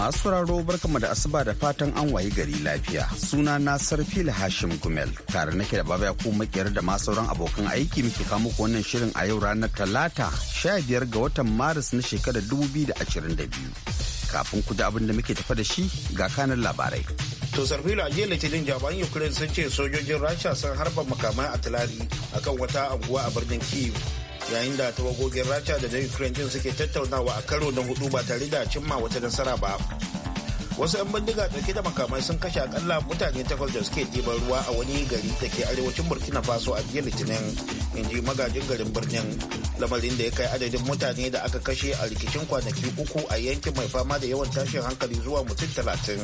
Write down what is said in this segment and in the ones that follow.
masu sauraro barkama da asuba da fatan an wayi gari lafiya. Suna na sarfila Hashim Gumel. Tare nake da baba ko makiyar da ma sauran abokan aiki muke kawo muku wannan shirin a yau ranar Talata sha biyar ga watan Maris na shekarar biyu Kafin ku da abin da muke tafa da shi ga kanar labarai. To Sarfilo la jiya Litinin jaban Ukraine sun ce sojojin Rasha sun harba makamai a tilari akan wata anguwa a birnin Kyiv. yayin da tawagogin rasha da na ukraine din suke tattaunawa a karo na hudu ba tare da cimma wata nasara ba wasu 'yan bindiga dauke da makamai sun kashe akalla mutane takwas da suke ɗiban ruwa a wani gari da ke arewacin burkina faso a jiya litinin in ji magajin garin birnin lamarin da ya kai adadin mutane da aka kashe a rikicin kwanaki uku a yankin mai fama da yawan tashin hankali zuwa mutum talatin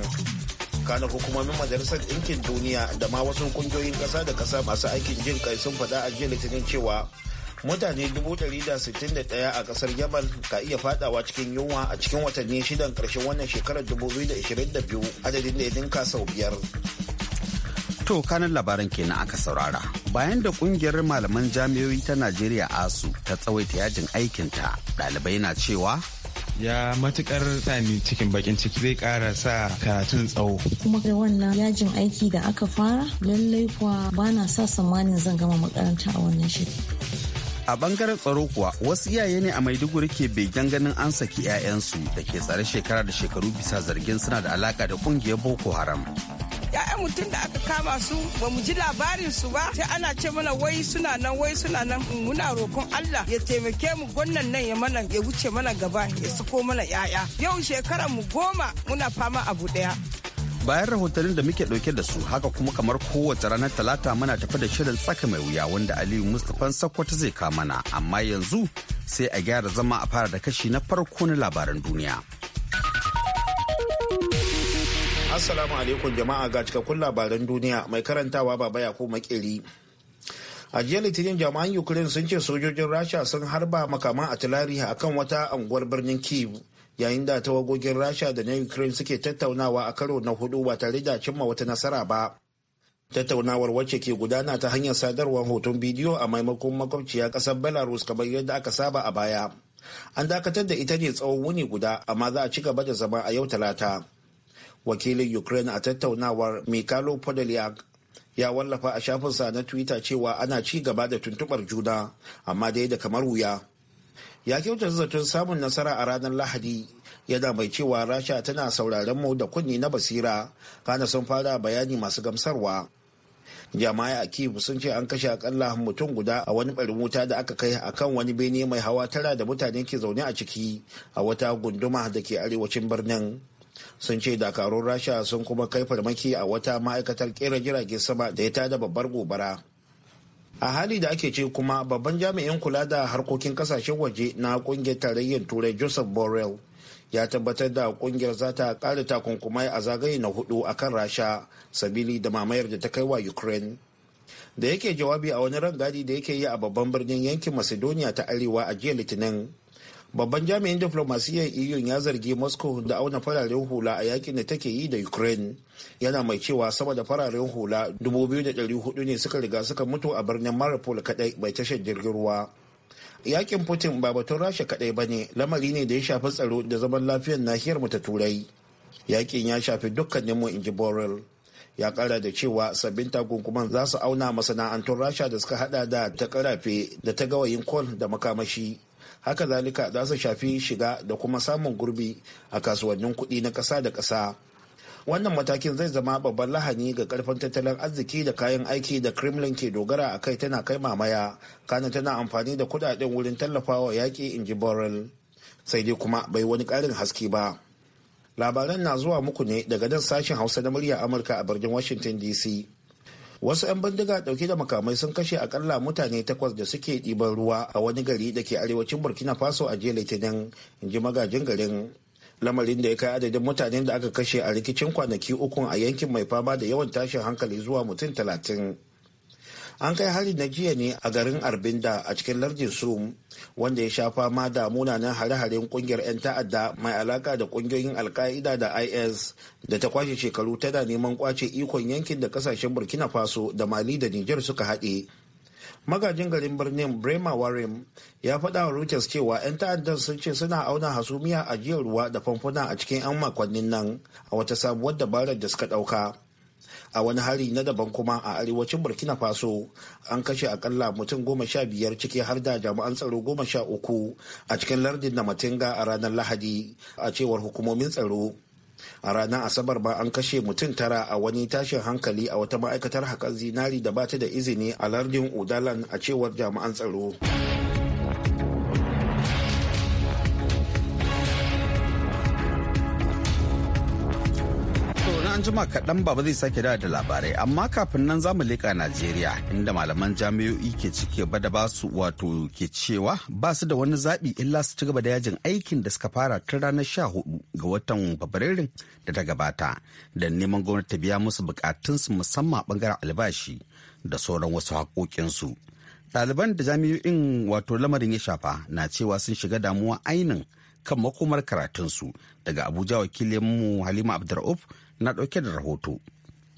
kana hukumomin majalisar ɗinkin duniya da ma wasu ƙungiyoyin ƙasa da ƙasa masu aikin jin kai sun faɗa a jiya litinin cewa mutane 161 a kasar yamal ka iya fadawa cikin yunwa a cikin watanni shidan karshen wannan shekarar 2022 adadin da ya dinka sau biyar to kanan labaran kenan aka saurara bayan da kungiyar malaman jami'o'i ta najeriya asu ta tsawaita yajin aikinta ɗalibai na cewa ya matukar sani cikin bakin ciki zai kara sa karatun tsawo. kuma ga wannan yajin aiki da aka fara lallai kuwa bana sa tsammanin zan gama makaranta a wannan shekaru. a bangaren tsaro kuwa wasu iyaye ne a maiduguri ke begen ganin an saki 'ya'yansu da ke tsare shekara da shekaru bisa zargin suna da alaka da kungiyar boko haram ya'yan mutum da aka kama su ba mu ji labarin su ba sai ana ce mana wai suna nan wai suna nan muna rokon Allah ya taimake mu gwannan nan ya mana ya wuce mana gaba ya suko mana yaya yau shekaran mu goma muna fama abu ɗaya bayan rahotannin da muke ɗauke da su haka kuma kamar kowace ranar talata muna tafi da shirin tsaka mai wuya wanda aliyu mustapha sakwata zai kamana amma yanzu sai a gyara zama a fara da kashi na farko na labaran duniya assalamu alaikum jama'a ga cikakkun labaran duniya mai karantawa baba yakubu makeri a jiya litinin jami'an ukraine sun ce sojojin rasha sun harba makaman atilari a kan wata unguwar birnin kiev yayin da tawagogin rasha da na ukraine suke tattaunawa a karo na hudu ba tare da cimma wata nasara ba tattaunawar wacce ke gudana ta hanyar sadarwar hoton bidiyo a maimakon makwabciya kasar belarus kamar yadda aka saba a baya an dakatar da ita ne tsawon wuni guda amma za a ci gaba da zama a yau talata wakilin ukraine a tattaunawar mikalo podolyak ya wallafa a shafinsa na twitter cewa ana ci gaba da tuntubar juna amma dai da kamar wuya ya kyauta zaton samun nasara a ranar lahadi yana mai cewa rasha tana sauraren mu da kunni na basira kana sun fara bayani masu gamsarwa jama'a a kiev sun ce an kashe akalla mutum guda a wani barin wuta da aka kai a kan wani bene mai hawa tara da mutane ke zaune a ciki a wata gunduma da ke arewacin birnin sun ce dakarun rasha sun kuma kai farmaki a wata ma'aikatar kera jirage sama da ya tada babbar gobara a hali da ake ce kuma babban jami'in kula da harkokin kasashen waje na kungiyar tarayyar turai joseph borrell ya tabbatar da kungiyar za ta kare takunkumai a zagaye na hudu a kan rasha sabili da mamayar da ta kai wa ukraine da yake jawabi a wani rangadi da yake yi a babban birnin yankin macedonia ta arewa a jiya litinin babban jami'in diflomasiyyar eu ya zargi moscow da auna fararen hula a yakin da take yi da ukraine yana mai cewa sama da fararen hula 2,400 ne suka riga suka mutu a birnin maripol kadai bai tashar jirgin ruwa yakin putin ba batun rasha kadai ba ne lamari ne da ya shafi tsaro da zaman lafiyar nahiyar mu ta turai yakin ya shafi dukkanin mu inji borel ya kara da cewa sabbin takunkuman za su auna masana'antun rasha da suka hada da ta karafe da ta gawayin kol da makamashi haka zalika za su shafi shiga da kuma samun gurbi a kasuwannin kuɗi na ƙasa da ƙasa wannan matakin zai zama babban lahani ga karfin tattalin arziki da kayan aiki da kremlin ke dogara a kai tana kai mamaya kana tana amfani da kudaden wurin tallafawa yaƙi in ji sai dai kuma bai wani ƙarin haske ba labaran na zuwa muku ne daga nan sashen hausa na murya amurka a birnin washington dc wasu 'yan bindiga dauke da makamai sun kashe akalla mutane takwas da suke ɗiban ruwa a wani gari da ke arewacin burkina faso a jiya litinin in ji magajin garin lamarin da ya kai adadin mutanen da aka kashe a rikicin kwanaki uku a yankin mai fama da yawan tashin hankali zuwa mutum talatin an kai hali na jiya ne a garin arbinda a cikin lardin sum wanda ya sha fama da munanan hare-haren kungiyar 'yan ta'adda mai alaka da kungiyoyin alka'ida da is da ta kwashe shekaru tana neman kwace ikon yankin da kasashen burkina faso da mali da niger suka haɗe magajin garin birnin brema warren ya faɗa wa reuters cewa 'yan ta'addan sun ce suna auna hasumiya a jiyar ruwa da famfuna a cikin 'yan makonnin nan a wata sabuwar dabarar da suka ɗauka a wani hari na daban kuma a arewacin burkina faso an kashe akalla mutum goma sha biyar ciki har da jami'an tsaro goma sha uku a cikin lardin na matinga a ranar lahadi a cewar hukumomin tsaro a ranar asabar ba an kashe mutum tara a wani tashin hankali a wata ma'aikatar haƙar zinari da bata da izini a lardin udalan a cewar jami'an tsaro an jima kaɗan baba zai sake da da labarai amma kafin nan zamu leƙa najeriya inda malaman jami'o'i ke cike ba da basu wato ke cewa ba su da wani zaɓi illa su ci gaba da yajin aikin da suka fara tun ranar sha hudu ga watan fabrairun da ta gabata da neman gwamnati ta biya musu bukatunsu musamman bangaren albashi da sauran wasu haƙoƙinsu ɗaliban da jami'o'in wato lamarin ya shafa na cewa sun shiga damuwa ainin kan makomar karatunsu daga abuja wakilinmu halima abdur'uf na ɗauke da rahoto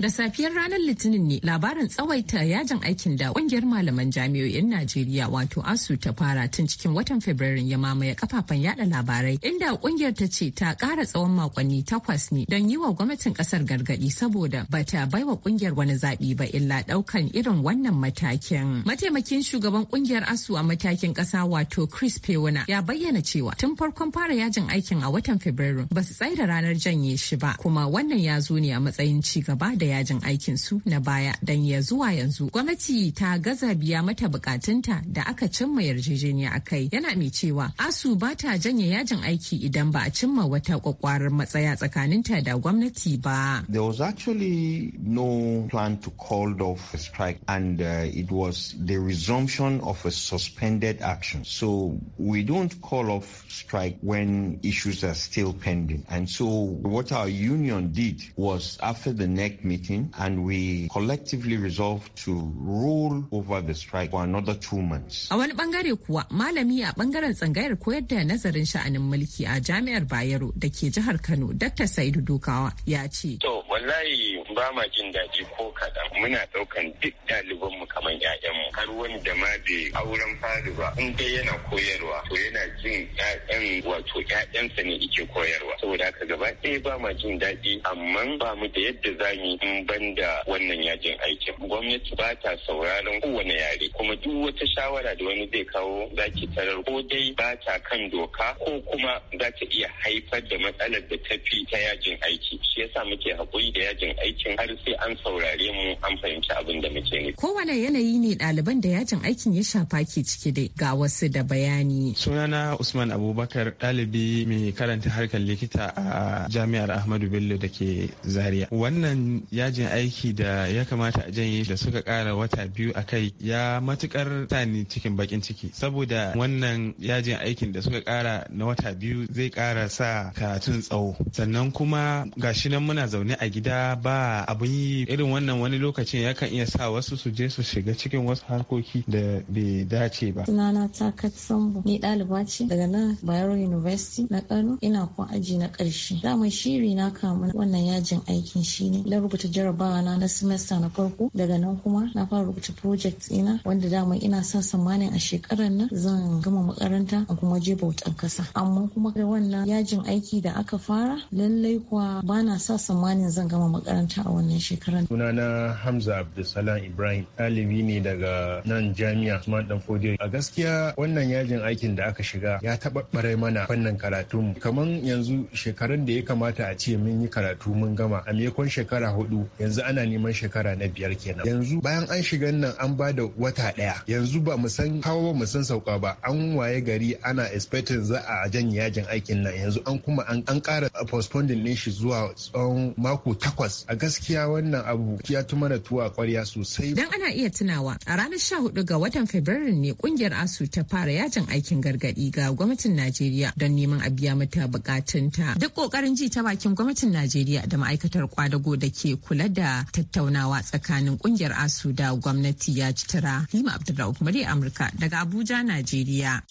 Da safiyar ranar Litinin ne labarin tsawaita yajin aikin da ƙungiyar malaman jami'o'in Najeriya wato ASU ta fara tun cikin watan Fabrairu ya mamaye kafafen yada labarai inda kungiyar ta ce ta kara tsawon makonni takwas ne don yi wa gwamnatin kasar gargadi saboda ba bata wa ƙungiyar wani zaɓi ba illa ɗaukan irin wannan matakin. Mataimakin shugaban ƙungiyar ASU a matakin ƙasa wato Chris Pewuna ya bayyana cewa tun farkon fara yajin aikin a watan Fabrairu ba su tsaida ranar janye shi ba kuma wannan ya zo ne a matsayin ci gaba da yajin aikin su na baya dan ya zuwa yanzu gwamnati ta gaza biya mata bukatunta da aka cimma yarjejeniya a kai yana mai cewa asu ba ta janye yajin aiki idan ba a cimma wata kwakwarar matsaya tsakaninta da gwamnati ba. There was actually no plan to call off a strike and uh, it was the resumption of a suspended action. So we don't call off strike when issues are still pending. And so what our union did was after the next meeting meeting and we collectively resolved to rule over the strike for another two months. A wani bangare kuwa malami a bangaren tsangayar koyar da nazarin sha'anin mulki a jami'ar Bayero da ke jihar Kano Dr. Saidu Dukawa ya ce. To wallahi ba ma jin daɗi ko kaɗan muna ɗaukan duk ɗalibanmu kamar ‘ya'yanmu har wanda ma bai auren fari ba in dai yana koyarwa to yana jin ‘ya'yan wato ‘ya'yansa ne yake koyarwa saboda haka gaba ɗaya ba ma jin daɗi amma ba mu da yadda za mu in banda wannan yajin aikin gwamnati ba ta sauraron kowane yare kuma duk wata shawara da wani zai kawo za ki tarar ko dai ba ta kan doka ko kuma za ta iya haifar da matsalar da ta fi ta yajin aiki shi yasa muke haƙuri da yajin aikin har sai an saurare mu an fahimci abin da muke ne. kowane yanayi ne ɗaliban da yajin aikin ya shafa ke ciki dai ga wasu da bayani. sunana usman abubakar ɗalibi mai karanta harkar likita a jami'ar ahmadu bello da ke zaria wannan yajin aiki da ya kamata a janye da suka kara wata biyu a kai ya matukar sani cikin bakin ciki saboda wannan yajin aikin da suka kara na wata biyu zai kara sa karatun tsawo sannan kuma gashi nan muna zaune a gida ba abun yi irin wannan wani lokacin yakan iya sa wasu su je su shiga cikin wasu harkoki da bai dace ba sunana ta katsambo ni daliba ce daga nan bayero university na kano ina kuma aji na ƙarshe dama shiri na kamun wannan yajin aikin shine na rubuta rubuta jarabawa na na semester na farko daga nan kuma na fara rubuta project ina wanda dama ina sa tsammanin a shekarar nan zan gama makaranta a kuma je bautan kasa amma kuma da wannan yajin aiki da aka fara lallai kuwa bana sa tsammanin zan gama makaranta a wannan shekarar sunana hamza abdulsalam ibrahim ɗalibi ne daga nan jami'a usman dan fodiyo a gaskiya wannan yajin aikin da aka shiga ya ɓarai mana fannin karatun kaman yanzu shekarun da ya kamata a ce mun yi karatu mun gama a mekon shekara hudu hudu yanzu ana neman shekara na biyar kenan yanzu bayan an shiga nan an ba da wata daya yanzu ba mu san hawa ba mu san sauka ba an waye gari ana expecting za a janye yajin aikin nan yanzu an kuma an kara postponing ne shi zuwa tsawon mako takwas a gaskiya wannan abu ya tuma da tuwa kwarya sosai dan ana iya tunawa a ranar 14 ga watan february ne kungiyar asu ta fara yajin aikin gargadi ga gwamnatin najeriya don neman a biya mata bukatunta duk kokarin ji ta bakin gwamnatin najeriya da ma'aikatar kwadago da ke kula da tattaunawa tsakanin kungiyar asu da gwamnati ya ci tara lima abdulrahman murya amurka daga abuja najeriya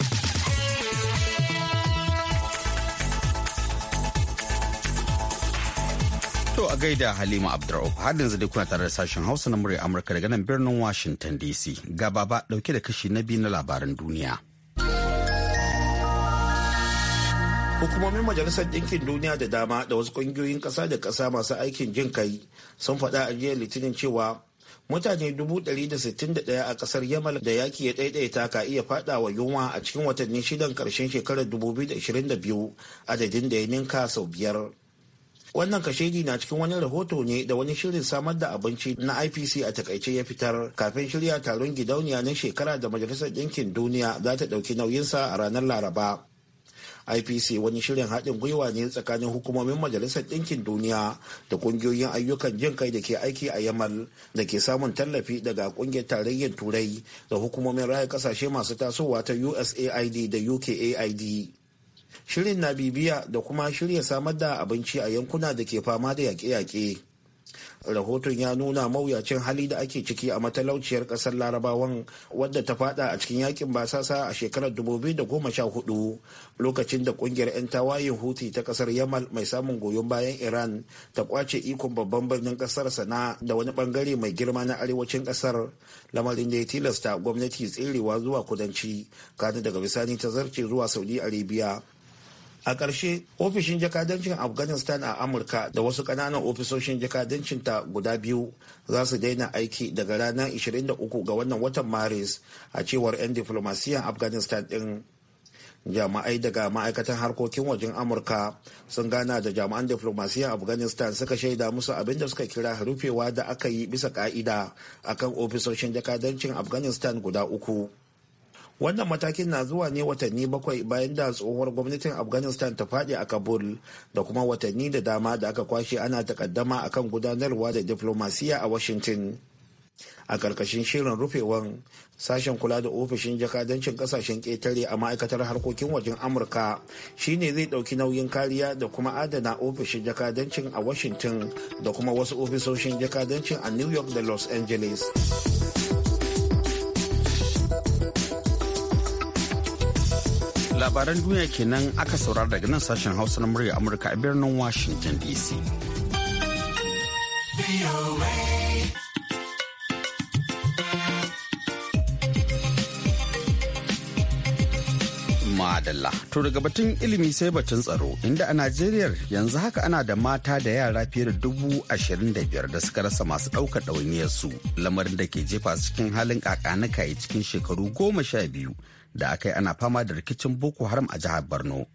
To a gaida Halima Abdur'uf har yanzu dai kuna tare da sashen Hausa na murya Amurka daga nan birnin Washington DC. Ga baba ɗauke da kashi na biyu na labaran duniya. hukumomin majalisar ɗinkin duniya da dama da wasu ƙungiyoyin ƙasa da ƙasa masu aikin jin kai sun faɗa a jiya litinin cewa mutane 161 a ƙasar yamal da yaƙi ya ɗaiɗaita ka iya faɗa wa yunwa a cikin watanni shidan ƙarshen shekarar 2022 adadin da ya ninka sau biyar wannan kashedi na cikin wani rahoto ne da wani shirin samar da abinci na ipc a takaice ya fitar kafin shirya taron gidauniya na shekara da majalisar ɗinkin duniya za ta ɗauki nauyinsa a ranar laraba IPC wani shirin haɗin gwiwa ne tsakanin hukumomin Majalisar Ɗinkin Duniya da ƙungiyoyin ayyukan jin kai da ke aiki a Yamal da ke samun tallafi daga ƙungiyar tarayyar Turai da hukumomin raya ƙasashe masu tasowa ta USAID da UKAID. Shirin na bibiya da kuma shirya samar da abinci a yankuna da ke fama da yaƙe-yaƙe. rahoton ya nuna mawuyacin hali da ake ciki a matalauciyar kasar larabawan wadda ta fada a cikin yakin basasa a shekarar 2014 lokacin da kungiyar 'yan tawayin huti ta kasar yamal mai samun goyon bayan iran ta kwace ikon babban birnin kasar sana da wani bangare mai girma na arewacin kasar lamarin da ya tilasta gwamnati tserewa zuwa kudanci kana daga bisani ta zarce zuwa saudi arabia a ƙarshe ofishin jakadancin afghanistan a amurka da wasu ƙananan ofisoshin jakadancin ta guda biyu za su daina aiki daga ranar 23 ga wannan watan maris a cewar 'yan diflomasiyan afghanistan din jama'ai daga ma'aikatan harkokin wajen amurka sun gana da jami'an diflomasiyan afghanistan suka shaida musu abin da suka kira rufewa da aka yi bisa ka'ida akan ofisoshin jakadancin afghanistan guda uku wannan matakin na zuwa ne watanni bakwai bayan da tsohuwar gwamnatin afghanistan ta fadi a kabul da kuma watanni da dama da aka kwashe ana takaddama a kan gudanarwa da diflomasiya a washington a karkashin shirin rufewan sashen kula da ofishin jakadancin kasashen ƙetare a ma'aikatar harkokin wajen amurka shine zai ɗauki nauyin kariya da kuma adana ofishin jakadancin a washington da kuma wasu ofisoshin jakadancin a new york da los angeles labaran duniya kenan aka saurara daga nan sashen hausa na murya amurka a birnin washington dc madalla to daga batun ilimi sai batun tsaro inda a najeriya yanzu haka ana da mata da yara fiye da dubu ashirin da biyar da suka rasa masu ɗaukar ɗawainiyarsu lamarin da ke jefa cikin halin kakanika cikin shekaru goma sha biyu da aka yi ana fama da rikicin boko haram a jihar borno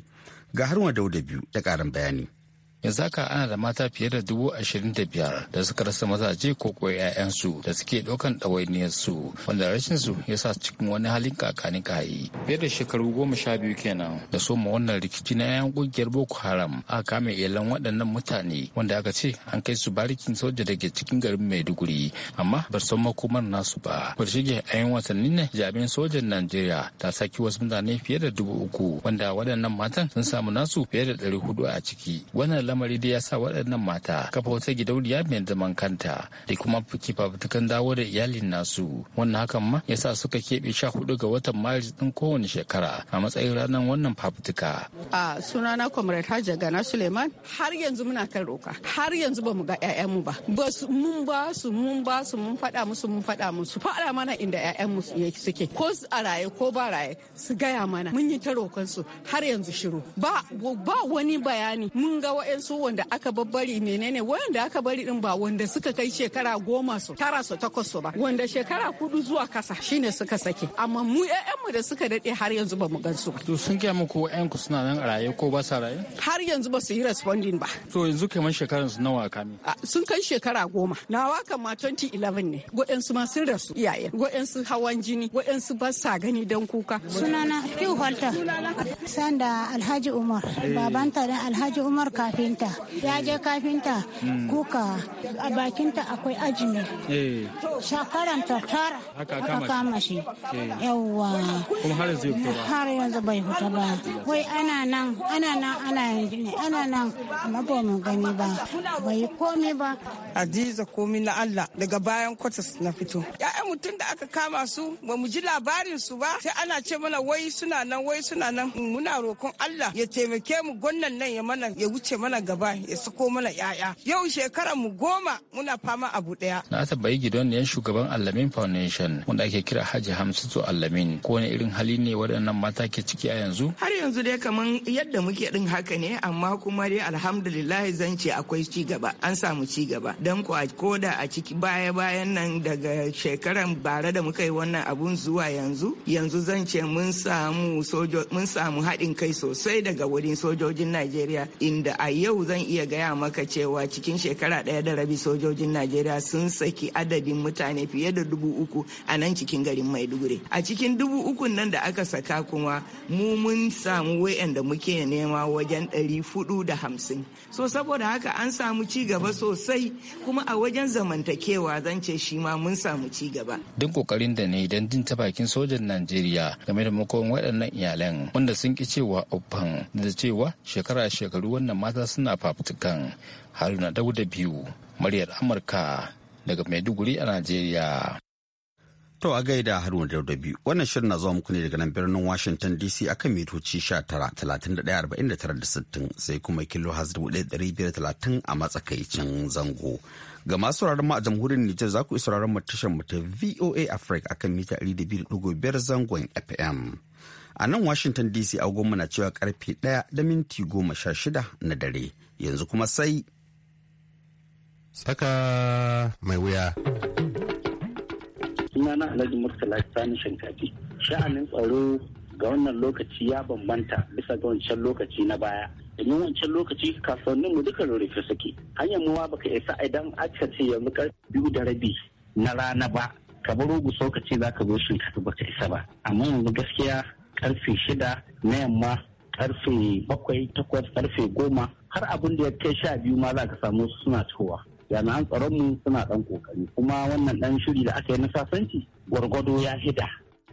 ga haruna dauda biyu da karin bayani yanzu haka ana da mata fiye da dubu ashirin da biyar da suka rasa mazaje ko ko 'ya'yansu da suke ɗaukan ɗawainiyar su wanda rashin su ya sa cikin wani halin kakani kayi fiye da shekaru goma sha biyu kenan da soma wannan rikici na 'yan ƙungiyar boko haram a kame iyalan waɗannan mutane wanda aka ce an kai su barikin soja da ke cikin garin maiduguri amma ba san makomar nasu ba ba shige a yan watanni ne jami'an sojan najeriya ta saki wasu mutane fiye da dubu uku wanda waɗannan matan sun samu nasu fiye da ɗari hudu a ciki wannan lamari da ya sa waɗannan mata kafa wata gidauniya mai zaman kanta da kuma fafutukan dawo da iyalin nasu wannan hakan ma ya sa suka keɓe sha hudu ga watan maris ɗin kowane shekara a matsayin ranar wannan fafutuka. a sunana comrade hajja gana suleiman har yanzu muna kan roka har yanzu ba mu ga 'ya'yanmu ba ba mun ba su mun ba su mun faɗa musu mun faɗa musu faɗa mana inda mu suke ko a raye ko ba raye su gaya mana mun yi ta rokansu har yanzu shiru ba wani bayani mun ga wa'yan su wanda aka babbari menene wanda aka bari din ba wanda suka kai shekara goma su tara su takwas su ba wanda shekara kudu zuwa kasa shine suka sake amma mu mu da suka dade har yanzu ba mu gan su ba to sun gaya muku ku suna nan a raye ko ba sa raye har yanzu ba su yi responding ba to yanzu kamar shekaran su nawa kami sun kai shekara goma nawa ma 2011 ne su ma sun rasu iyaye su hawan jini su ba sa gani dan kuka sunana piu halta sanda alhaji umar eh. ta da alhaji umar kafin kafinta ya je kafinta hmm. kuka a bakinta akwai ajimi eh. shakaranta tara aka kama shi eh. yawwa kuma har yanzu bai huta ba wai ana nan ana nan ana yanzu ne ana nan amma ba mu gani ba bai komi ba adiza komi na Allah daga bayan kwatas na fito ya'yan mutum da aka kama su ba mu ji labarin su ba sai ana ce mana wai suna nan wai suna nan muna roƙon Allah ya taimake mu gwannan nan ya mana ya wuce mana gaba ya sako mana yaya yau shekarar mu goma muna fama abu daya na tabbayi ne shugaban allamin foundation wanda ake kira haji hamsatu alamin. ko ne irin hali ne waɗannan mata ke ciki a yanzu har yanzu dai kamar yadda muke din haka ne amma kuma dai alhamdulillah zan ce akwai ci gaba an samu ci gaba dan ko a koda a ciki baya bayan nan daga shekaran bara da muka yi wannan abun zuwa yanzu yanzu zan ce mun samu sojo mun samu haɗin kai sosai daga wurin sojojin Najeriya inda a yi yau zan iya gaya maka cewa cikin shekara ɗaya da rabi sojojin najeriya sun saki adadin mutane fiye da dubu uku a nan cikin garin maiduguri a cikin dubu uku nan da aka saka kuma mu mun samu wayanda muke nema wajen ɗari fudu da hamsin so saboda haka an samu ci gaba sosai kuma a wajen zamantakewa zan ce shi ma mun samu ci gaba duk kokarin da ne don jin ta bakin sojan najeriya game da makon waɗannan iyalan wanda sun ki cewa uban da cewa shekara shekaru wannan mata suna fafutukan haruna dauda biyu muryar amurka daga maiduguri a najeriya To a gaida Haruna Dauda biyu wannan shirin na zuwa muku ne daga nan birnin Washington DC akan mitoci 19,31,49,60 sai kuma kilo a matsakaicin zango. Ga masu sauraron mu a jamhuriyar Nijar za ku sauraron mu tashar mu ta VOA Africa akan mita 200.5 zangon FM. a nan washington dc goma na cewa karfe ɗaya da minti goma sha shida na dare yanzu kuma sai tsaka mai wuya na alhaji murtala sani shinkafi sha'anin tsaro ga wannan lokaci ya bambanta bisa ga wancan lokaci na baya domin wancan lokaci kasuwanninmu duka rurrufe suke hanyar muwa baka isa idan aka ce yanzu karfe biyu da rabi na rana ba ka baro guso ka za ka zo shinkafa baka isa ba amma yanzu gaskiya karfe shida na yamma karfe bakwai takwas karfe goma har abin da ya kai sha biyu ma za ka samu suna cikowa jami'an tsaron mu suna dan kokari kuma wannan dan shiri da aka yi na sasanci gwargwado ya hida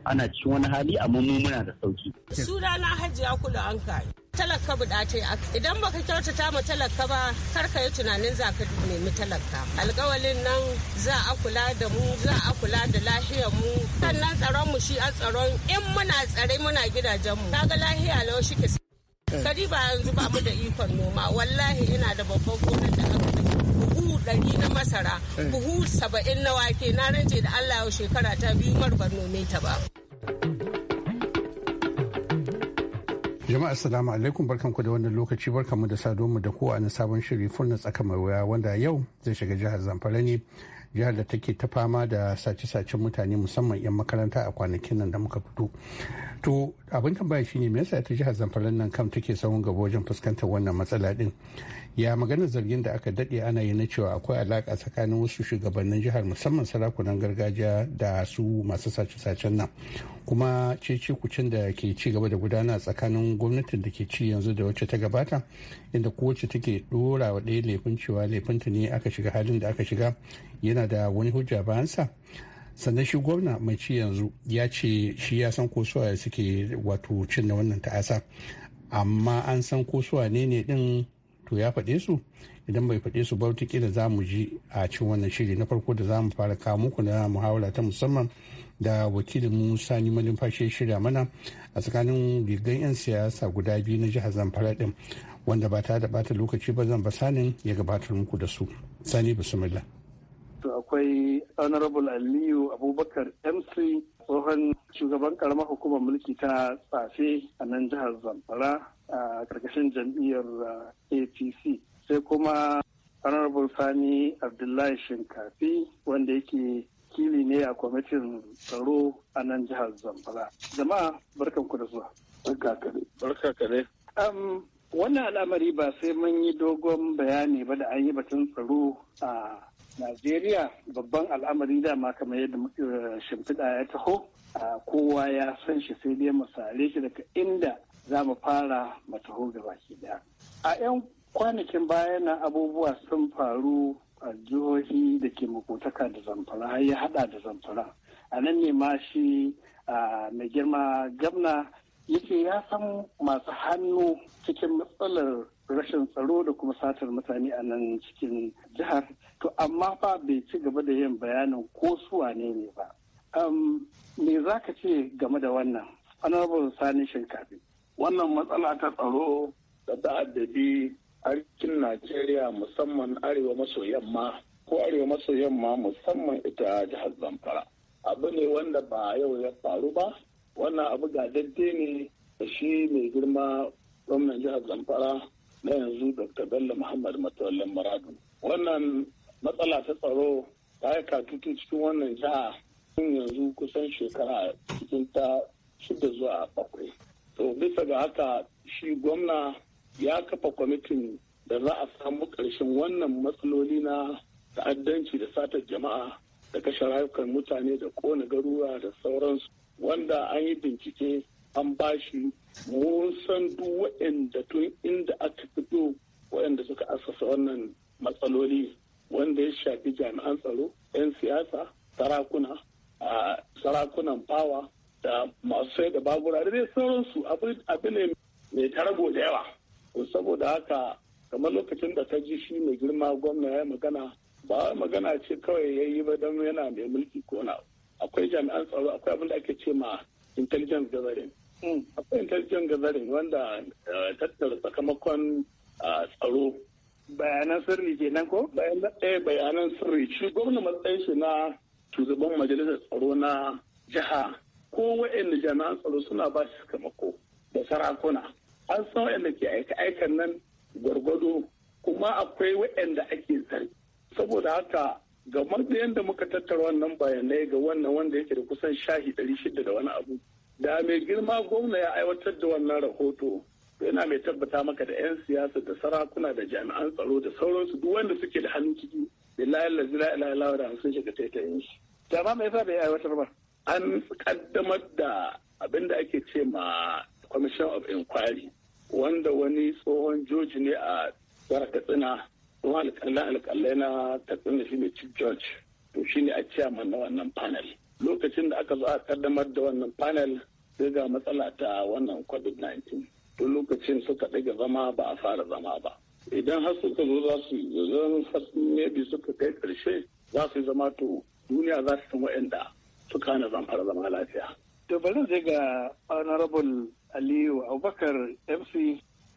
ana cikin wani hali amma mu muna da sauki sunana hajiya kula an kai talaka buɗace idan baka kyautata ma talaka ba kar ka yi tunanin za ka nemi talaka alkawalin nan za a kula da mu za a kula da lahiyar mu sannan tsaron mu shi a tsaron in muna tsare muna gidajen mu kaga lahiya lau shi ke kari ba yanzu ba mu da ikon noma wallahi ina da babban gonar da aka buhu ɗari na masara buhu saba'in na wake na rance da allah yau shekara ta biyu marbar nome ta ba. Jama'a assalamu alaikum barkanku da wannan lokaci barkanmu da mu da kowa na sabon shiri furna tsaka mai waya wanda yau zai shiga jihar Zamfara ne jihar da take ta fama da sace-sacen mutane musamman 'yan makaranta a kwanakin nan da muka fito. To abin kan baya shine me yasa ta jihar zamfara nan kam take sahun gaba wajen fuskantar wannan matsala din ya magana zargin da aka dade ana yi na cewa akwai alaka tsakanin wasu shugabannin jihar musamman sarakunan gargajiya da su masu sace-sacen nan kuma ce kucin da ke ci gaba da gudana tsakanin gwamnatin da ke ci yanzu da wacce ta gabata inda kowace take dora wa ɗaya laifin cewa laifinta ne aka shiga halin da aka shiga yana da wani hujja bayansa sannan shi gwamna mai ci yanzu ya ce shi ya san kosuwa suke wato cin da wannan ta'asa amma an san kosuwa ne ne din to ya faɗe su idan bai faɗe su ba kila za mu ji a cin wannan shiri na farko da za mu fara kawo muku na muhawara ta musamman da wakilin musa nimalin fashe shirya mana a tsakanin rigan 'yan siyasa guda biyu na jihar zamfara din wanda ba ta da bata lokaci ba zan ba sanin ya gabatar muku da su sani bismillah to akwai honorable aliyu abubakar mc tsohon shugaban karamar hukumar mulki ta tsafe a nan jihar zamfara a karkashin jam'iyyar uh, apc sai kuma honorable sani abdullahi shinkafi wanda yake kili ne a kwamitin tsaro a nan jihar zamfara jama'a barkanku da zuwa barka kare um, wannan al'amari ba sai mun yi dogon bayani ba da an yi batun tsaro a Najeriya babban al'amari dama kamar yadda eh, shimfiɗa ya taho kowa ya san shi sai dai mu sare shi daga inda za mu fara mu taho gaba ki daya. A 'yan kwanakin baya na abubuwa sun faru a jihohi da ke makotaka da zamfara har ya hada da zamfara. A nan ne ma shi mai girma gamna yake ya san masu hannu cikin matsalar rashin tsaro da kuma satar mutane a nan cikin jihar to amma fa bai ci gaba da yin bayanin ko su wane ne ba me za ka ce game da wannan honorable sani shinkafi wannan matsala ta tsaro da ta'addabi arkin najeriya musamman arewa maso yamma ko arewa maso yamma musamman ita jihar zamfara abu ne wanda ba yau ya faru ba wannan abu ga ne da shi mai girma gwamnan jihar zamfara na yanzu dr bello muhammad matsalin maradu wannan matsala ta tsaro ta yi katutu cikin wannan jiha tun yanzu kusan shekara cikin ta shida zuwa bakwai to bisa ga haka shi gwamna ya kafa kwamitin da za a samu ƙarshen wannan matsaloli na ta'addanci da satar jama'a da kashe rayukan mutane da kona garuruwa da sauransu wanda an yi bincike an bashi mun san duk waɗanda tun inda aka fito waɗanda suka asasa wannan matsaloli wanda ya shafi jami'an tsaro 'yan siyasa sarakuna a sarakunan bawa da masu sai da babura da dai sauransu abu ne mai tarago da yawa saboda haka kamar lokacin da ta ji shi mai girma gwamna ya magana ba magana ce kawai ya yi ba don yana mai mulki ko na akwai jami'an tsaro akwai abin da ake ce ma intelligence gathering Hmm. Akwai intajen gazarin wanda eh, tattara sakamakon ah, tsaro bayanan sirri ke nan ko? Eh, bayanan sirri shi gwamna matsayin shi na tuzuban majalisar tsaro na jiha ko wa'anda jami'an tsaro suna ba shi sakamako da sarakuna an san wa'anda ke aika aikan nan gwargwado kuma akwai wa'anda ake zargi saboda haka ga da yadda muka tattara wannan bayanai ga wannan wanda yake da kusan shahi ɗari shida da wani abu da mai girma gwamna ya aiwatar da wannan rahoto yana mai tabbata maka da 'yan siyasa da sarakuna da jami'an tsaro da sauransu duk wanda suke da hannu ciki billahi la zira ila lawa da sun shiga taitayin shi jama'a mai yasa bai aiwatar ba an kaddamar da abin da ake ce ma commission of inquiry wanda wani tsohon joji ne a tsara katsina don alƙalla alƙalai na katsina shi ne chief judge to shi ne a ciyaman na wannan panel lokacin da aka zo a kaddamar da wannan panel sai ga matsala ta wannan covid-19 duk lokacin suka ɗaga zama ba a fara zama ba idan har suka zo za su zan suka kai ƙarshe za su zama to duniya za su san wa'anda suka hana zamfara zama lafiya. to bari zai ga honorable aliyu abubakar mc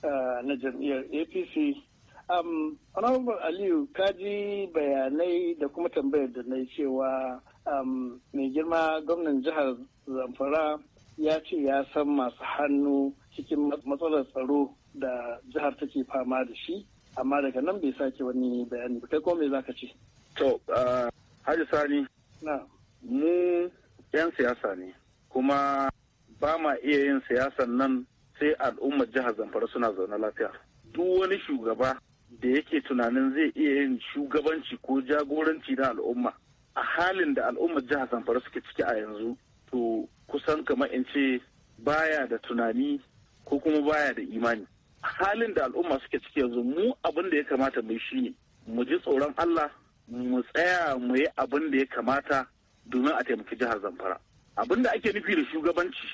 uh, na jam'iyyar apc um, honorable aliyu ka ji bayanai da kuma tambayar da na cewa um, mai girma gwamnan jihar zamfara ya ce ya san masu hannu cikin matsalar tsaro da jihar take fama da shi amma daga nan bai sake wani bayani ba kai ko me zaka ce to Haji Sani na mu yan siyasa ne kuma ba ma iya yin siyasan nan sai al'ummar jihar Zamfara suna zaune lafiya duk wani shugaba da yake tunanin zai iya yin shugabanci ko jagoranci na al'umma a halin da al'ummar jihar Zamfara suke ciki a yanzu to kusan kamar in ce baya da tunani ko kuma baya da imani halin da al'umma suke ciki yanzu mu abin da ya kamata mu shi ne mu ji tsoron Allah mu tsaya mu yi abin da ya kamata domin a taimaki jihar Zamfara abin da ake nufi da shugabanci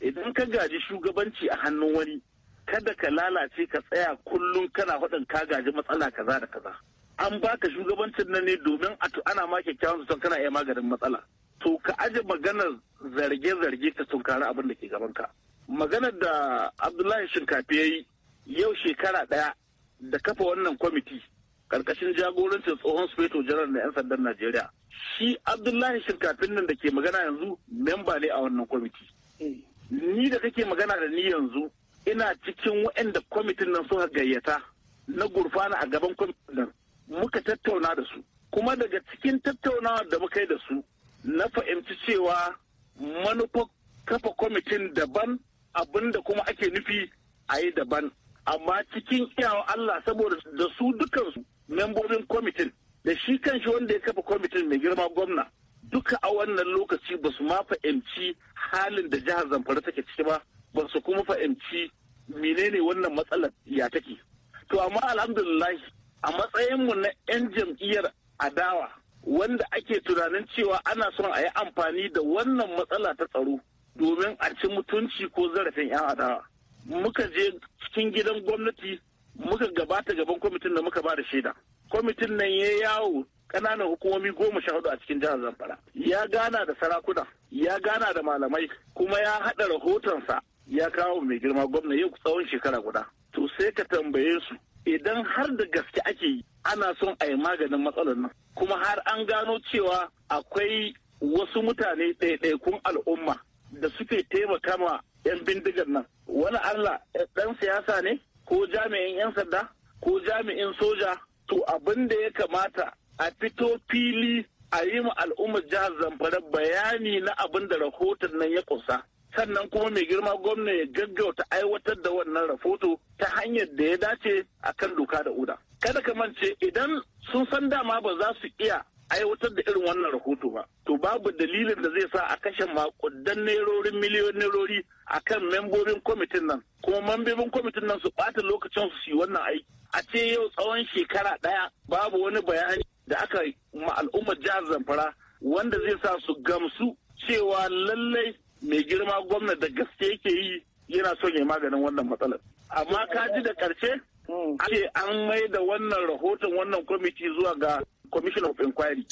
idan ka gaji shugabanci a hannun wani kada ka lalace ka tsaya kullum kana faɗin ka gaji matsala kaza da kaza an baka shugabancin nan ne domin ana ma kyakkyawan su kana iya maganin matsala to ka aje maganar zarge-zarge ka tunkari abin da ke gabanka maganar da abdullahi shinkafi ya yi yau shekara ɗaya da kafa wannan kwamiti karkashin jagorancin tsohon sufeto janar na 'yan sandan najeriya shi abdullahi Shinkafi nan da ke magana yanzu memba ne a wannan kwamiti ni da kake magana da ni yanzu ina cikin waɗanda kwamitin nan suka gayyata na gurfana a gaban kwamitin nan muka tattauna da su kuma daga cikin tattaunawa da muka yi da su na fahimci cewa manufar kafa kwamitin daban abinda kuma ake nufi a yi daban amma cikin iyawa Allah saboda da su dukansu membobin kwamitin da shi kanshi wanda ya kafa kwamitin mai girma gwamna duka a wannan lokaci ba su ma fahimci halin da jihar zamfara take ciki ba ba su kuma fahimci menene wannan matsalar ya take to amma alhamdulillah a matsayinmu na 'yan jam'iyyar adawa wanda ake tunanin cewa ana son a yi amfani da wannan matsala ta tsaro domin a ci mutunci ko zarafin 'yan adawa. Muka je cikin gidan gwamnati muka gabata gaban kwamitin da muka ba da shaida. Kwamitin nan ya yawo ƙananan hukumomi goma sha hudu a cikin jihar Zamfara. Ya gana da sarakuna, ya gana da malamai, kuma ya haɗa rahotonsa ya kawo mai girma gwamna yau tsawon shekara guda. To sai ka tambaye su idan har da gaske ake yi ana son a yi maganin matsalar nan kuma har an gano cewa akwai wasu mutane ɗaiɗaikun al'umma da suke taimaka ma 'yan bindigar nan wani allah ɗan siyasa ne ko jami'in 'yan sanda ko jami'in soja to abin da ya kamata a fito fili a yi ma al'ummar jihar zamfara bayani na abin da rahoton nan ya kusa sannan kuma mai girma gwamna ya gaggauta aiwatar da wannan rahoto ta hanyar da ya dace akan doka da uda kada ka mance idan sun san dama ba za su iya aiwatar da irin wannan rahoto ba to babu dalilin da zai sa a kashe makudan nerorin miliyon nerori a kan membobin kwamitin nan kuma membobin kwamitin nan su ɓata lokacin su yi wannan aiki a ce yau tsawon shekara ɗaya babu wani bayani da aka ma al'ummar jihar zamfara wanda zai sa su gamsu cewa lallai mai girma gwamna da gaske yake yi yana son ya maganin wannan matsalar amma ka ji da karshe hmm. ce an mai da wannan rahoton wannan kwamiti zuwa ga commission of inquiry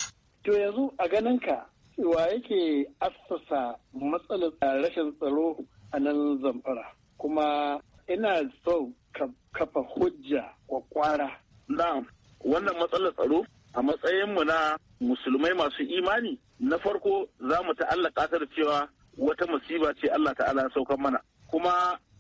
to yanzu a ganin ka wa yake assasa matsalar rashin tsaro a nan zamfara kuma ina so kafa hujja wa kwara. na wannan matsalar tsaro a matsayinmu na musulmai masu imani na farko za mu ta'allaka ta da cewa wata masiba ce Allah ta'ala ya saukan mana kuma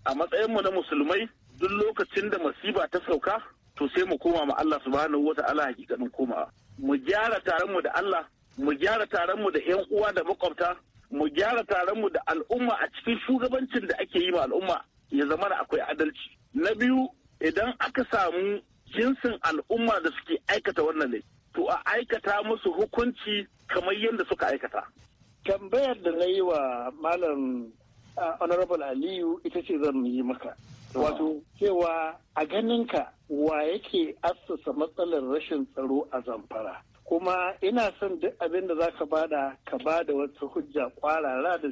a matsayinmu na musulmai duk lokacin da masiba ta sauka to sai mu koma ma Allah subhanahu wata'ala hakikanin komawa mu gyara taron mu da Allah mu gyara taron mu da yan uwa da makwabta mu gyara taron mu da al'umma a cikin shugabancin da ake yi ma al'umma ya zama da akwai adalci na biyu idan aka samu jinsin al'umma da suke aikata wannan ne to a aikata musu hukunci kamar yadda suka aikata tambayar da na yi wa malam ah, honorable aliyu ita ce zan yi maka wato cewa a ganinka wa yake assasa matsalar rashin tsaro a zamfara kuma ina son duk abin da za ka bada ka bada wata hujja kwarara da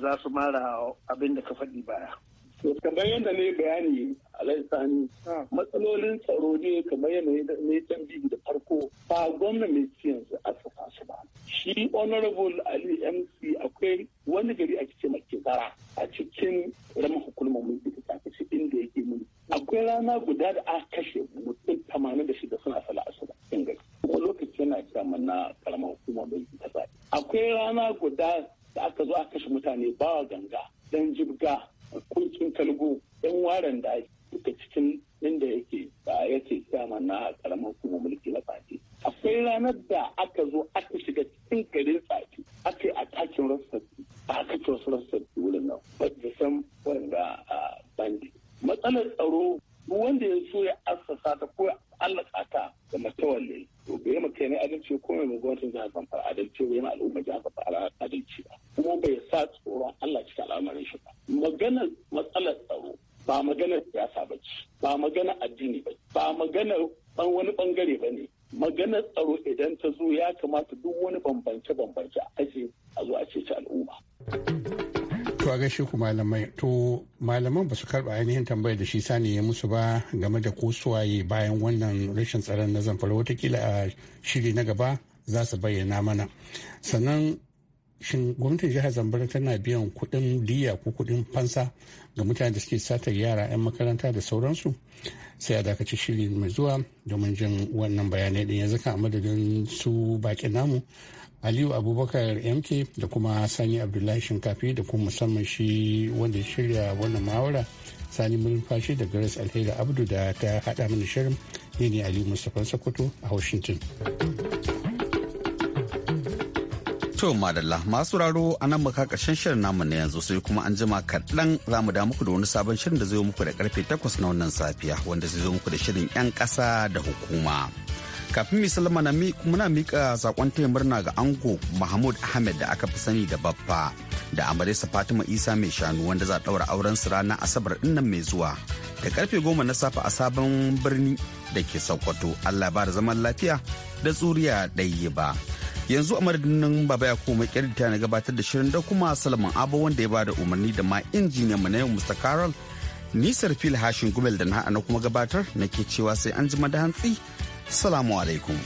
za su mara abin da ka faɗi baya To kamar yadda ne bayani Alhaji Sani, ah. matsalolin tsaro ne kamar yadda ne dan bibi da farko ba gwamna mai ci yanzu a saka su ba. Shi Honorable Ali MC akwai wani gari a cikin Kizara a cikin ramin hukumar mulki ta shi inda yake mulki. Akwai rana guda da aka kashe mutum tamanin da shida suna sala a cikin gari. Kuma lokacin yana mun na karamar hukumar mulki ta Akwai rana guda da aka zo aka kashe mutane bawa ganga dan jibga kulkin kalgo yan waren da duka cikin inda yake ba yake dama na karamar kuma mulki na fati akwai ranar da aka zo aka shiga cikin garin fati aka yi atakin a aka ce wasu rassarki wurin nan wadda san wanda ah, bandi matsalar tsaro duk wanda ya so ya assasa ta ko ya allaka ta da matawan ne to bai yi kai ne adalci ko mai za jihar Zamfara adalci bai yi ji jihar fara adalci ba kuma bai sa tsoron Allah cikin al'amarin shi ba maganar matsalar tsaro ba maganar siyasa ba ce ba maganar addini ba ba maganar wani bangare ba ne maganar tsaro idan ta zo ya kamata duk wani bambance-bambance a ce a zo a ci al'umma. To a gaishe ku malamai. To malaman ba su karba ainihin tambayar da shi sani ya musu ba game da ko suwaye bayan wannan rashin tsaron na zamfara watakila a shiri na gaba za su bayyana mana. Sannan shin gwamnatin jihar Zamfara tana biyan kudin diya ko kudin fansa ga mutane da suke satar yara 'yan makaranta da sauransu sai a dakaci shiri mai zuwa domin jin wannan bayanai din yanzu kan a madadin su baƙin namu aliyu abubakar mk da kuma sani abdullahi shinkafi da kuma musamman shi wanda ya shirya wannan muhawara sani mulfashi da grace alheri abdu da ta hada mana shirin ne ne aliyu mustapha sokoto a washington To madalla masu raro a nan muka karshen shirin namu na yanzu sai kuma an jima kaɗan za mu da muku da wani sabon shirin da zai yi muku da karfe takwas na wannan safiya wanda zai zo muku da shirin 'yan ƙasa da hukuma. kafin mai salama muna mika sakon taya murna ga ango mahmud ahmed da aka fi sani da baffa da amarisa fatima isa mai shanu wanda za a daura auren su ranar asabar dinnan mai zuwa da karfe goma na safe a sabon birni da ke sokoto allah ba da zaman lafiya da tsuriya ɗaya ba yanzu a madadinin baba ya koma kyarta na gabatar da shirin da kuma salman abu wanda ya ba da umarni da ma injiniyan mu na yau mr carol nisar fil hashin gumel da na kuma gabatar nake cewa sai an jima da hantsi Salamu alaikum.